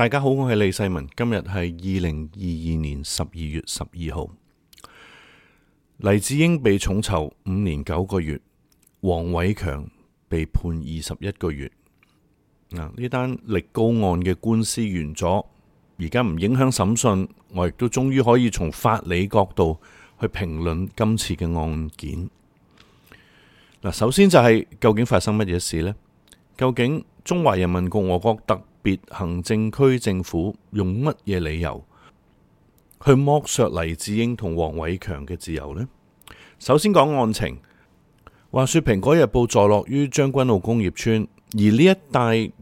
大家好，我係李世民。今日係二零二二年十二月十二號，黎智英被重囚五年九個月，黃偉強被判二十一個月。嗱，呢單力高案嘅官司完咗，而家唔影響審訊，我亦都終於可以從法理角度去評論今次嘅案件。嗱，首先就係究竟發生乜嘢事呢？究竟中華人民共和國別行政區政府用乜嘢理由去剝削黎智英同黃偉強嘅自由呢？首先講案情，話說蘋果日報坐落於將軍澳工業村，而呢一帶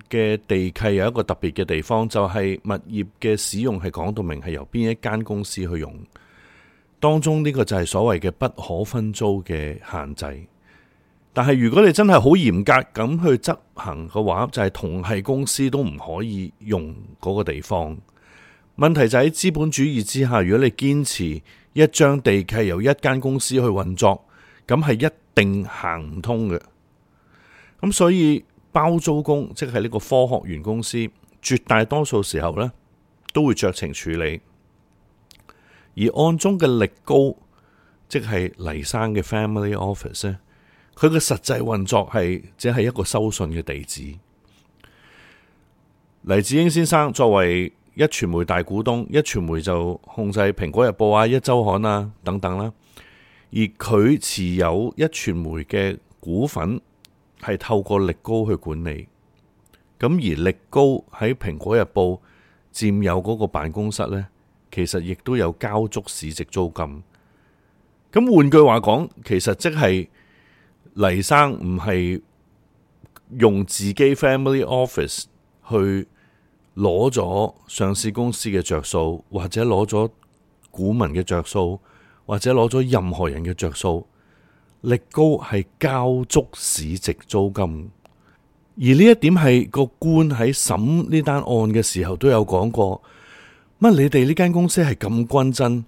嘅地契有一個特別嘅地方，就係物業嘅使用係講到明係由邊一間公司去用，當中呢個就係所謂嘅不可分租嘅限制。但係如果你真係好嚴格咁去執行嘅話，就係、是、同係公司都唔可以用嗰個地方。問題就喺資本主義之下，如果你堅持一張地契由一間公司去運作，咁係一定行唔通嘅。咁所以包租公即係呢個科學園公司，絕大多數時候呢都會酌情處理。而案中嘅力高，即係黎生嘅 family office 佢嘅實際運作係只係一個收信嘅地址。黎智英先生作為一傳媒大股東，一傳媒就控制蘋果日報啊、一周刊啊等等啦。而佢持有一傳媒嘅股份係透過力高去管理。咁而力高喺蘋果日報佔有嗰個辦公室呢，其實亦都有交足市值租金。咁換句話講，其實即係。黎生唔係用自己 family office 去攞咗上市公司嘅着數，或者攞咗股民嘅着數，或者攞咗任何人嘅着數。力高係交足市值租金，而呢一點係個官喺審呢單案嘅時候都有講過。乜你哋呢間公司係咁均真？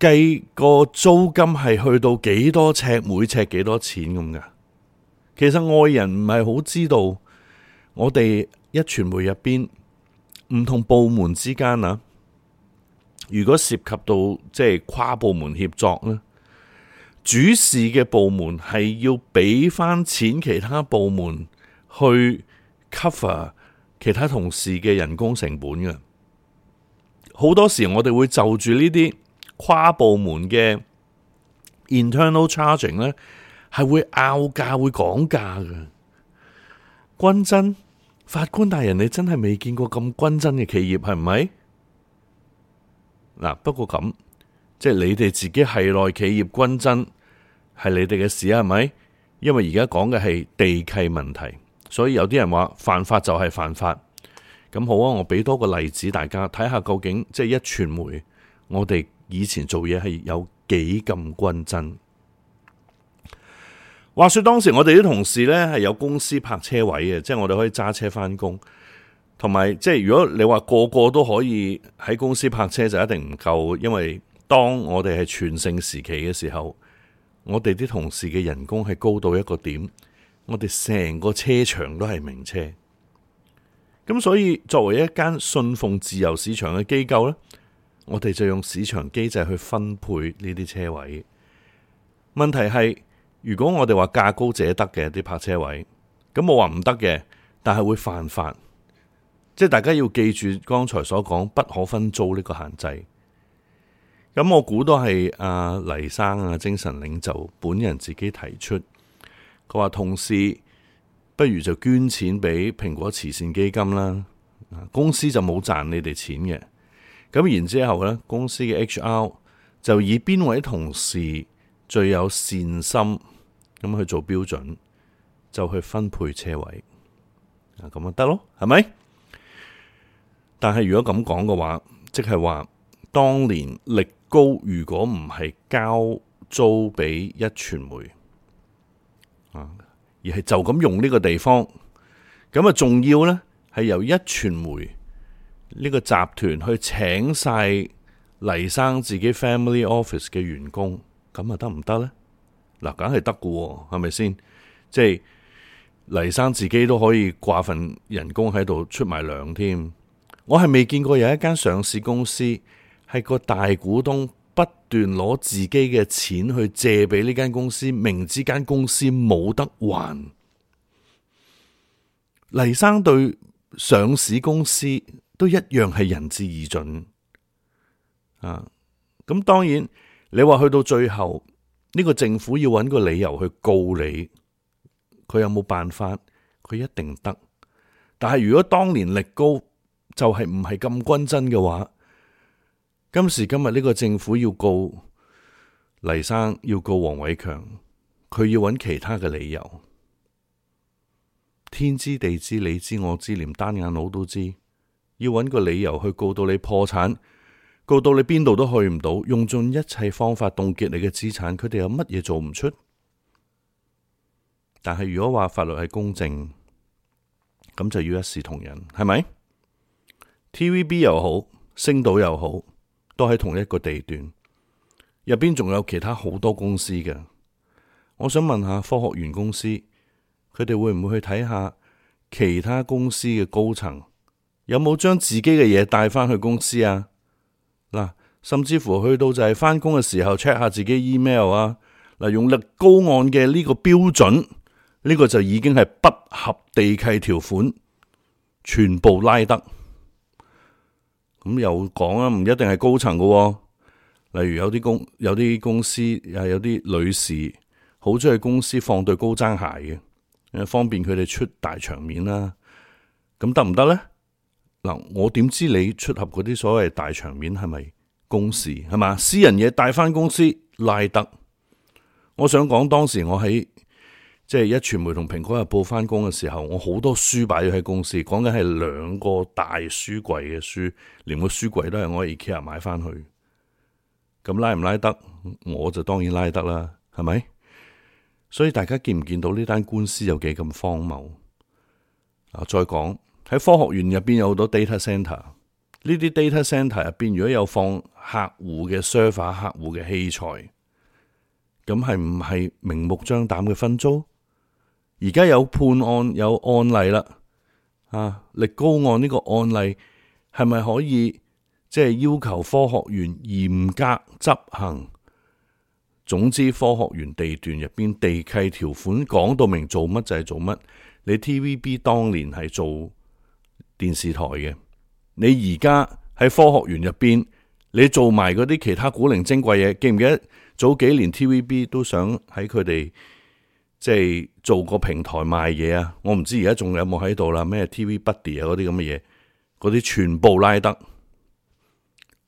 計個租金係去到幾多尺，每尺幾多錢咁噶？其實外人唔係好知道。我哋一傳媒入邊唔同部門之間啊，如果涉及到即係跨部門協作呢，主事嘅部門係要俾翻錢其他部門去 cover 其他同事嘅人工成本嘅。好多時我哋會就住呢啲。跨部門嘅 internal charging 呢，係會拗價會講價嘅均真。法官大人，你真係未見過咁均真嘅企業係咪嗱？不過咁即係你哋自己係內企業均真係你哋嘅事啊係咪？因為而家講嘅係地契問題，所以有啲人話犯法就係犯法。咁好啊，我俾多個例子，大家睇下究竟即係壹傳媒我哋，以前做嘢係有幾咁均真，話說當時我哋啲同事呢係有公司泊車位嘅，即係我哋可以揸車翻工，同埋即係如果你話個個都可以喺公司泊車就一定唔夠，因為當我哋係全盛時期嘅時候，我哋啲同事嘅人工係高到一個點，我哋成個車場都係名車，咁所以作為一間信奉自由市場嘅機構呢，我哋就用市場機制去分配呢啲車位。問題係，如果我哋話價高者得嘅啲泊車位，咁我話唔得嘅，但係會犯法。即係大家要記住剛才所講不可分租呢個限制。咁我估都係阿、啊、黎生啊，精神領袖本人自己提出。佢話，同事不如就捐錢俾蘋果慈善基金啦。公司就冇賺你哋錢嘅。咁然之後咧，公司嘅 HR 就以邊位同事最有善心咁去做標準，就去分配車位啊，咁咪得咯，係咪？但係如果咁講嘅話，即係話當年力高如果唔係交租俾一傳媒啊，而係就咁用呢個地方，咁啊重要咧，係由一傳媒。呢個集團去請晒黎生自己 family office 嘅員工，咁啊得唔得呢？嗱，梗係得嘅，係咪先？即係黎生自己都可以掛份人工喺度出埋糧添。我係未見過有一間上市公司係個大股東不斷攞自己嘅錢去借俾呢間公司，明知間公司冇得還。黎生對上市公司。都一樣係仁至義盡啊！咁當然，你話去到最後呢個政府要揾個理由去告你，佢有冇辦法？佢一定得。但係如果當年力高就係唔係咁均真嘅話，今時今日呢個政府要告黎生，要告王偉強，佢要揾其他嘅理由。天知地知，你知我知，連單眼佬都知。要揾個理由去告到你破產，告到你邊度都去唔到，用盡一切方法凍結你嘅資產，佢哋有乜嘢做唔出？但係如果話法律係公正，咁就要一視同仁，係咪？TVB 又好，星島又好，都喺同一個地段，入邊仲有其他好多公司嘅。我想問下科學園公司，佢哋會唔會去睇下其他公司嘅高層？有冇將自己嘅嘢帶翻去公司啊？嗱，甚至乎去到就係翻工嘅時候 check 下自己 email 啊。嗱，用立高案嘅呢個標準，呢、這個就已經係不合地契條款，全部拉得咁。又講啊，唔一定係高層噶、啊，例如有啲公有啲公司啊，有啲女士好中意公司放對高踭鞋嘅，方便佢哋出大場面啦、啊。咁得唔得呢？嗱，我點知你出合嗰啲所謂大場面係咪公事係嘛？私人嘢帶翻公司拉得？我想講當時我喺即係壹傳媒同蘋果日報翻工嘅時候，我好多書擺咗喺公司，講緊係兩個大書櫃嘅書，連個書櫃都係我喺宜家買翻去。咁拉唔拉得？我就當然拉得啦，係咪？所以大家見唔見到呢單官司有幾咁荒謬？啊，再講。喺科學園入邊有好多 data center，呢啲 data center 入邊如果有放客戶嘅 server、客戶嘅器材，咁係唔係明目張膽嘅分租？而家有判案有案例啦，啊，力高案呢個案例係咪可以即係、就是、要求科學園嚴格執行？總之科學園地段入邊地契條款講到明做乜就係做乜，你 TVB 當年係做。電視台嘅，你而家喺科學園入邊，你做埋嗰啲其他古靈精怪嘢，記唔記得早幾年 TVB 都想喺佢哋即係做個平台賣嘢啊？我唔知而家仲有冇喺度啦，咩 TV Buddy 啊嗰啲咁嘅嘢，嗰啲全部拉得，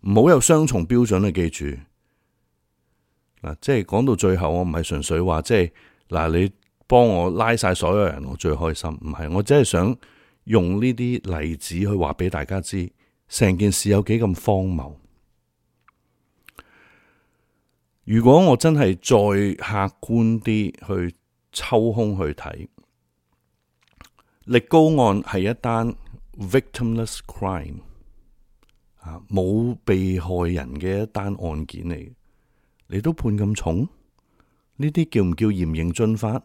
唔好有，有雙重標準啊！記住嗱，即係講到最後，我唔係純粹話即係嗱，你幫我拉晒所有人，我最開心。唔係，我只係想。用呢啲例子去話俾大家知，成件事有幾咁荒謬。如果我真係再客觀啲去抽空去睇，力高案係一單 victimless crime，冇被害人嘅一單案件嚟，你都判咁重，呢啲叫唔叫嚴刑峻法？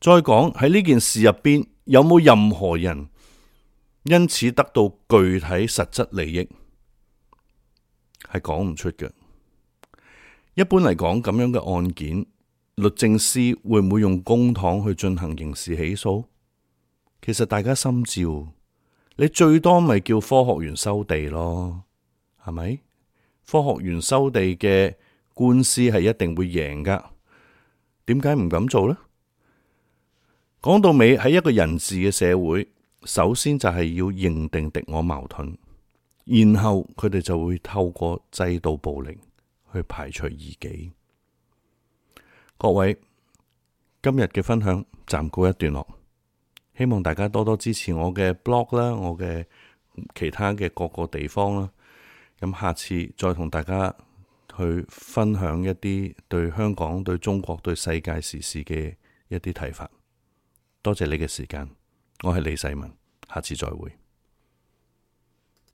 再講喺呢件事入邊。有冇任何人因此得到具體實質利益？係講唔出嘅。一般嚟講，咁樣嘅案件，律政司會唔會用公帑去進行刑事起訴？其實大家心照，你最多咪叫科學員收地咯，係咪？科學員收地嘅官司係一定會贏噶，點解唔敢做呢？講到尾，喺一個人治嘅社會，首先就係要認定敵我矛盾，然後佢哋就會透過制度暴力去排除異己。各位，今日嘅分享暫告一段落，希望大家多多支持我嘅 blog 啦，我嘅其他嘅各個地方啦。咁下次再同大家去分享一啲對香港、對中國、對世界時事嘅一啲睇法。多謝你嘅時間，我係李世民，下次再會。